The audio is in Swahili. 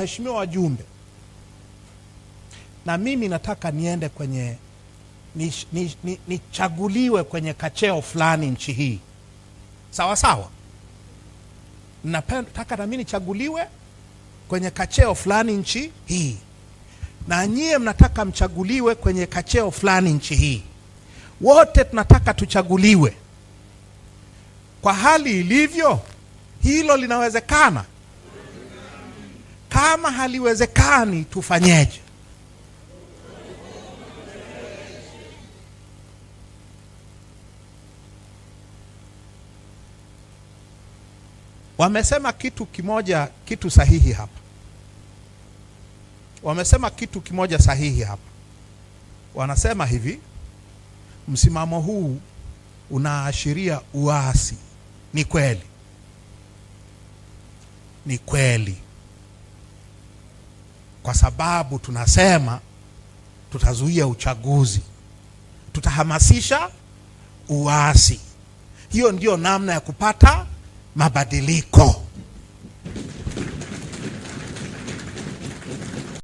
waheshimiwa wajumbe, na mimi nataka niende kwenye nichaguliwe ni, ni, ni kwenye kacheo fulani nchi hii, sawa sawa. Nataka nami nichaguliwe kwenye kacheo fulani nchi hii, na nyie mnataka mchaguliwe kwenye kacheo fulani nchi hii. Wote tunataka tuchaguliwe. Kwa hali ilivyo, hilo linawezekana kama haliwezekani tufanyeje? Wamesema kitu kimoja, kitu sahihi hapa. Wamesema kitu kimoja sahihi hapa. Wanasema hivi, msimamo huu unaashiria uasi. Ni kweli, ni kweli kwa sababu tunasema tutazuia uchaguzi, tutahamasisha uasi. Hiyo ndiyo namna ya kupata mabadiliko.